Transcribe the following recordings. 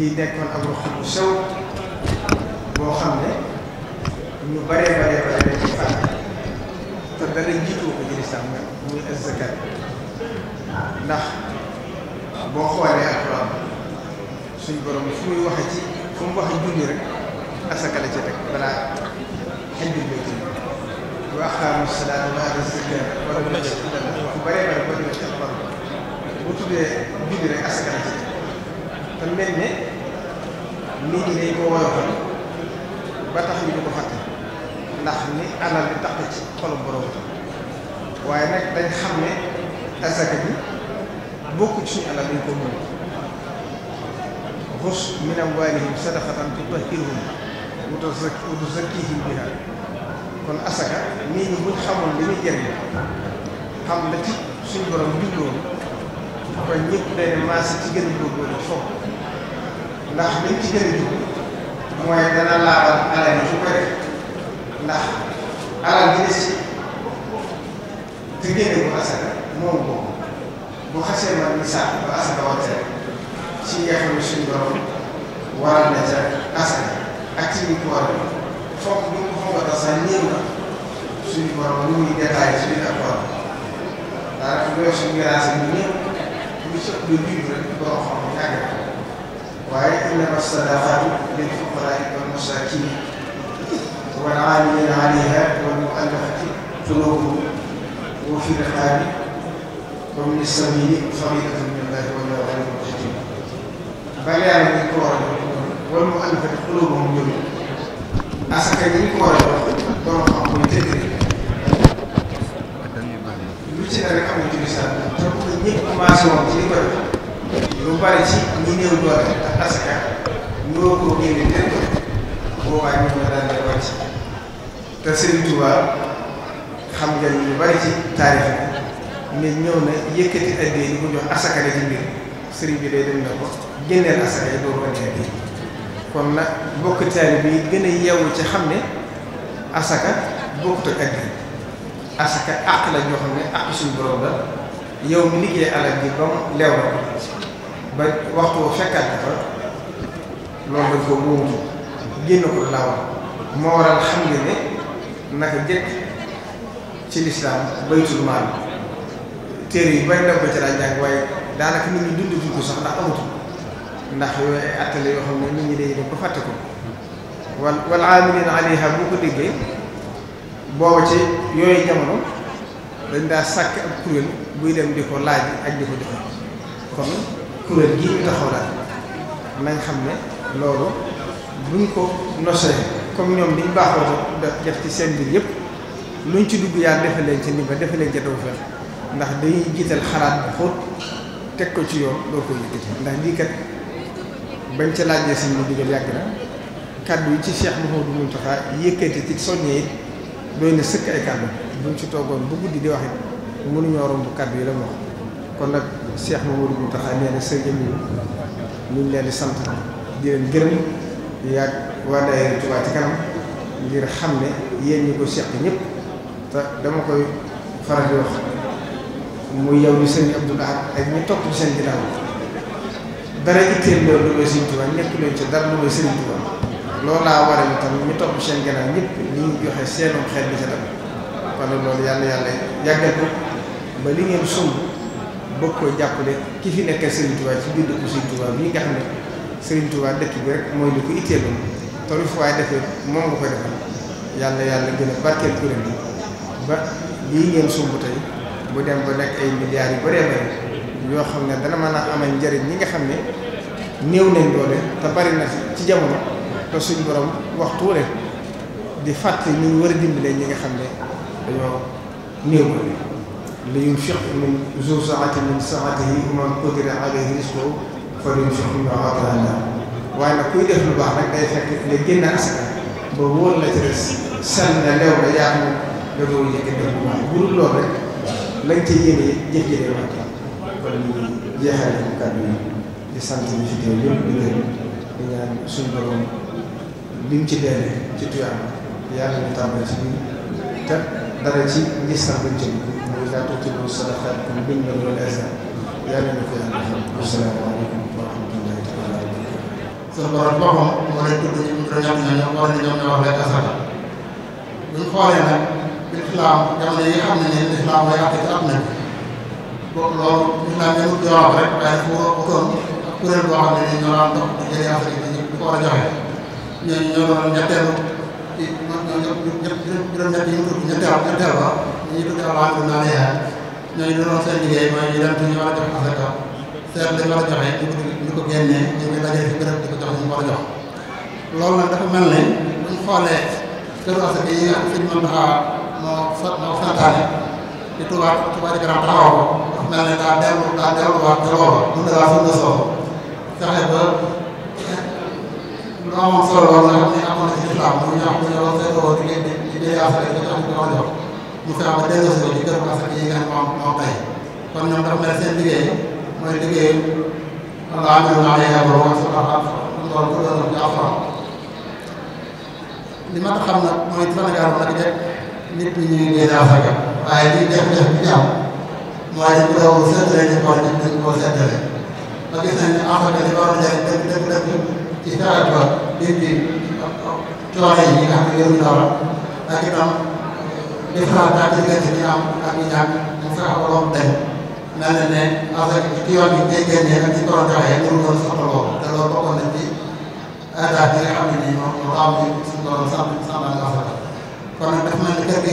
yi nekkoon am xam ne ñu baree baree bare dañ ci fàtte te dara jiitu boo xoolee alquran suñ borom ci fu mu waxe julli rek asaka ci te mel ne nit ñi dañ ko woyofal ba tax ñu di ko fàtte ndax ni alal di tax ci xolum borom waaye nag dañ xam ne asaka bi bokku suñu alal dañ ko mën xus min amwalihim sadaqatan tutahhiruhum wa tuzakkihim biha xam la ci suñu borom bindoon kon ñëpp day maase ci gën a góorgóorlu foofu ndax liñ ci jëriñu mooy dana laabal alal yi su ko def ndax alal gi des ci te génne ko asaka moom ko bu xasee man ni sax ba asaka wàcce ci yaxalu suñu borom waral na ca asaka ak ci ñu ko war a foog ñu ko xonkata sax néew na suñu borom lu muy détaillé suñu accord daanaka loolu suñu grâce bi néew lu ci ëpp lu jub rek borom xam-xam waaye innama sadaqaatu lil fuqaraai wal masaakiin wal aamiliina alayha wal muallafati quluubuhum wa fi riqaabi wa min sabiili fariidatan min allaahi wallaahu aliimun hakiim ba leer nañ ko war a jox wal muallafati quluubuhum ñoom asaka ñu ko war a jox borom xam koy tëgg lu ci ne rek am na ci lislaam te ñëpp commencé woon ci li koy lu bari ci ñu néew doole ndax asaka ñoo ko génne lépp boobaa ñu nga daan def wàcc te Serigne Touba xam nga ñu bari ci taarix bi nit ñëw na yëkkati addee ñu ko jox asaka la ci mbir sëriñ bi day dem na ko génneel asaka yi doo ko nekk kon nag bokk taali bi gën a yeewu ci xam ne asaka bokkut ak asaka àq la ñoo ne àq borom la yow mi liggéey alal bi ba mu leew ba waxtu fekkaat ko fa loolu dañ ko wóobu génn ko laawal moo waral xam nga ne naka jëkk ci lislaam baytul maal téere yi bari daf ko ci jàng waaye daanaka nit ñi dund ko sax ndax amatul ndax yooyu ay attale yoo xam ne nit ñi day dem ba fàtte ko wal wal aamiliina alayha bu ko déggee booba ci yooyu jamono dañ daa sàkk ak kuréel buy dem di ko laaj ak di ko joxe kon kuréel gii ñu taxaw daal nañ xam ne loolu buñ ko nosee comme ñoom liñ baaxoo def def ci seen biir yëpp luñ ci dugg yaa defe leen ci ndimbal defe leen ca tawfeex ndax dañuy jiital xalaat bu xóot teg ko ci yoon doo ko yëkkati ndax lii kat bañ ca laajee sëñ bi digal yàgg na kàddu yi ci Cheikh Mouhamadou Mountakha yëkkati ci soññee it doy na sëkk ay kàddu buñ ci toogoon bu guddi di wax it mënuñoo romb kàddu yi la mu wax kon nag Cheikh Mamadou Mountakha nee na sëriñ bi ñu ngi leen di sant di leen gërëm yàgg waa daayira Touba ci kanam ngir xam ne yéen ñi ko seq ñëpp te dama koy faral di wax muy yow ni sëriñ Abdou Lahad ak ñi topp seen ginnaaw dara itteel ci dara lu may sëriñ laa war a ñu tam ñu topp seen ñu ngi joxe seenum xel bi ca dem kon loolu yàlla yàlla yàggal ko ba li ngeen sumb bëgg koy jàppale ki fi nekkee Serigne Touba ci biir dëkku Serigne Touba bii nga xam ne Serigne Touba dëkk bi rek mooy li ko itteeloon lu fi waaye defee moom nga ko defal yàlla yàlla gën a barkeel kuréel bi ba lii ngeen sumb tey bu dem ba nekk ay milliards yu bëree bëri yoo xam ne dana mën a amal njëriñ ñi nga xam ne néew nañ doole te bari na ci jamono te suñ borom waxtu rek di fàtte ñu war a dimbale ñi nga xam ne dañoo néew لينفق من ذو سعة من سعته ومن قدر عليه رزقه فلينفق مما آتاه الله waaye nag kuy def lu baax rek day fekk nga génn askan ba wóor la ca des na lew yaa xam ne da nga yëkkat def lu baax bu dul loolu rek lañ ca yéene jëf-jëf yi wàcc kon ñu jeexal yi di sant ñi fi teew yëpp di leen di ñaan suñu borom lim ci delloo ci tuyaam yàlla ñu tàmbali ci biir te laa tubtilu sadaqaatikum bil-manni wal azaa yàlla na ko yàlla defal asalaamaaleykum wa rahmatullahi taala wa barakaatu suñu borom boppam moo lay tudd ñi nga xam ne ñoom war na ñoom ñoo wax lekk asaka buñ xoolee nag lislaam jamono yi nga xam ne ne lislaam mooy àtte ci am na boobu loolu lislaam ñu jox rek waaye dafa wutoon kuréel boo xam ne ñoo daan dox di jëlee asaka di ko war a joxe ñooñu ñoo doon ñetteelu di man ñoom ñëpp ñëpp juróom-ñett yi ñu tudd ñu teew ñu teew ba ñu tudd alhamdulilah yaa ñooñu doon seen liggéey mooy ñu dem ci ñu war a jox asaka seet lañ war a joxe ñu ko ñu ko génnee ñu ngi dajee fi bërëb di ko jox ñu war a jox loolu nag dafa mel ne buñ xoolee këru asaka yi nga xam sëñ mën taxaa moo moo santaane di tubaab tubaab di garam taxaw ko dafa mel ne daa dellu daa delluwaat te loolu mu dalaa sunna soo fexe ba lu amoon solo loolu nga xam ne xamante ni islam mooy ñi nga xam ne dañoo seetloo di leen di dee affaire yi am ko jox ñu fexe ba ko ci kër askan yi nga xam moom moo tay kon ñoom dafa mooy liggéey nag mooy Sénégal ma nag jekk nit ñi ñuy génne asaka waaye li def-def bi ñu mooy dañ ko doon seddale ñu ko nit dañ koo seddale ba gis nañ ne asaka li war a njëriñ dëgg dëgg dëgg ci fexe ba nit ñi coono yi nga xam la ak itam li faral daal di gën di am ak di ñàkk mu fexe ko loolu dem mel na ne asaka ci yoon bi day génnee ak ci ko doon joxee ñu doon soxla bokkoon na ci état bi xam ne nii moom lu am ci suñu doon kon nag daf mel ni kër gi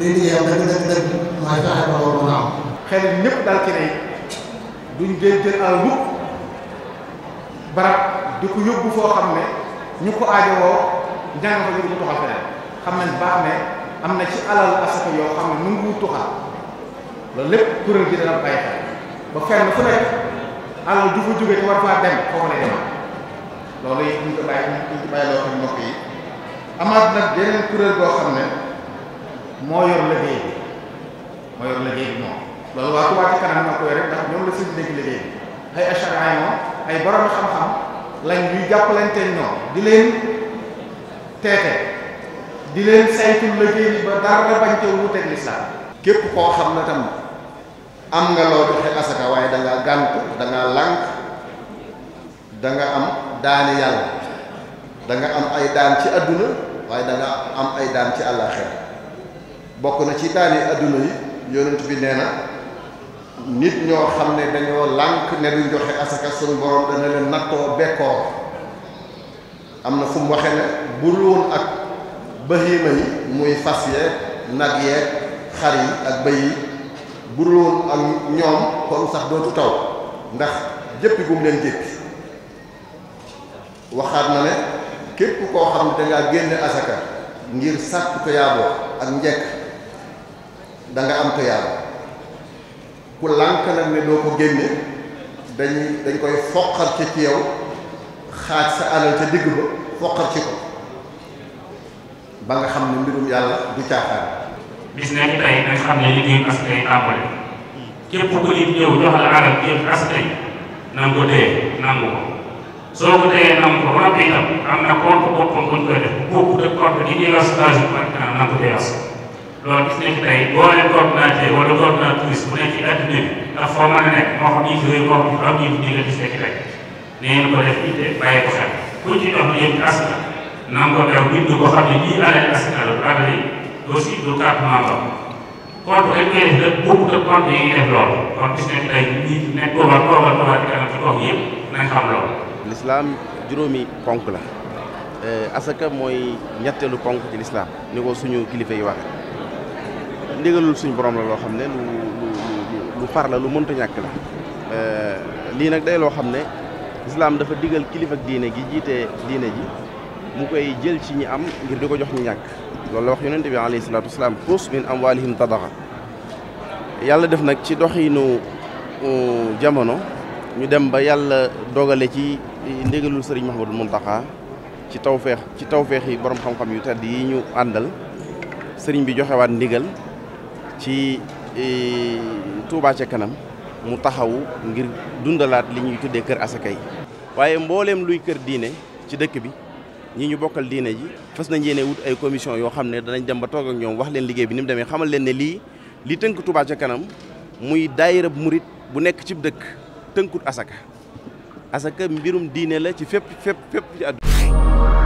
lii di yeew dëgg dëgg dëgg mooy fexe ba loolu nga am. xëy na ñëpp daal ci ne duñ jël jël barab di ko yóbbu foo xam ne ñu ko aajowoo njàng fa ñu ko tuxal feneen xam nañ baax ne am na ci alal asaka yoo xam ne nu ngi tuxal loolu lépp kuréel gi dana bàyyi xel du fa jóge loolu yi ñu ko bàyyi ñu xam ne moo yor liggéey bi moo yor liggéey bi moom loolu waa Touba ci kanam moo ko ndax ñoom la sëñ bi nekk bi ay achara moom ay borom xam-xam lañ ñuy jàppalante ñoom di leen teete di leen saytu liggéey bi ba dara bañ ca wuuteeg lislaam képp koo xam ne tam am nga loo joxe asaka waaye danga ngaa gànt da lànk da am daani yàlla da am ay daan ci àdduna waaye da nga am ay daan ci àllaaxira bokk na ci daani adduna yi yonent bi nee na nit ñoo xam ne dañoo lànk ne duñ joxe asaka suñu borom dana leen nattoo bekkoor am na fu mu waxe ne bu ak bahima yi muy fas yeeg nag yeeg xar yi ak bëy yi bu ak ñoom kon sax dootu taw ndax jëppi gum leen jéppi waxaat na ne képp koo xam ne dangaa génne asaka ngir sàkk toyaaboo ak njekk danga nga am toyaaboo ku lànk nag ne doo ko génne dañuy dañ koy foqar ci ci yow xaaj sa alal ca digg foqar ci ko ba nga xam ne mbirum yàlla du caaxaan bis ne ni tey xam ne liggéeyu askan yi tàmbali képp ku nit ñëw jox la alal yëpp nangu ko nangu ko soo ko téyee nangu ko wala itam am na compte boppam buñ koy def bokku de compte gi ñuy askan yi nangu ko téye loolu gis nañu tey boo leen coordonnateur wala coordonnateur touriste bu nekk ci àdduna bi ak foo nekk moo xam ñu ci réew moo xam am ñu ñu gis nekk rek euh, mooy ñetteelu ponk ci lislaam ni ko suñu kilifa yi waxe ndigalul suñu borom la loo xam ne lu la lu mënta ñàkk la euh, lii nag day loo xam ne islaam dafa digal kilifa ak diine gi jiite diine ji mu koy jël ci ñi am ngir di ko jox ñi ñàkk loolu la wax yonente bi alayhi salaatu wasalaam xus min amwalihim tadaxa yàlla def nag ci doxinu jamono ñu dem ba yàlla dogale ci ndigalul sëriñ Mahamadul Muntaxa ci tawfeex ci tawfeex yi borom xam-xam yu tedd yi ñu àndal sëriñ bi joxewaat ndigal ci e, Touba ca kanam mu taxawu ngir dundalaat li ñuy tuddee kër asaka yi waaye mbooleem luy kër diine ci dëkk bi ñi ñu bokkal diine ji fas nañ yéene wut ay commission yoo xam ne danañ dem ba toog ak ñoom wax leen liggéey bi ni mu demee xamal leen ne lii li tënk Touba ca kanam muy daayira murit bu nekk cib dëkk tënkut asaka asaka mbirum diine la ci fépp fépp fépp ci àdduna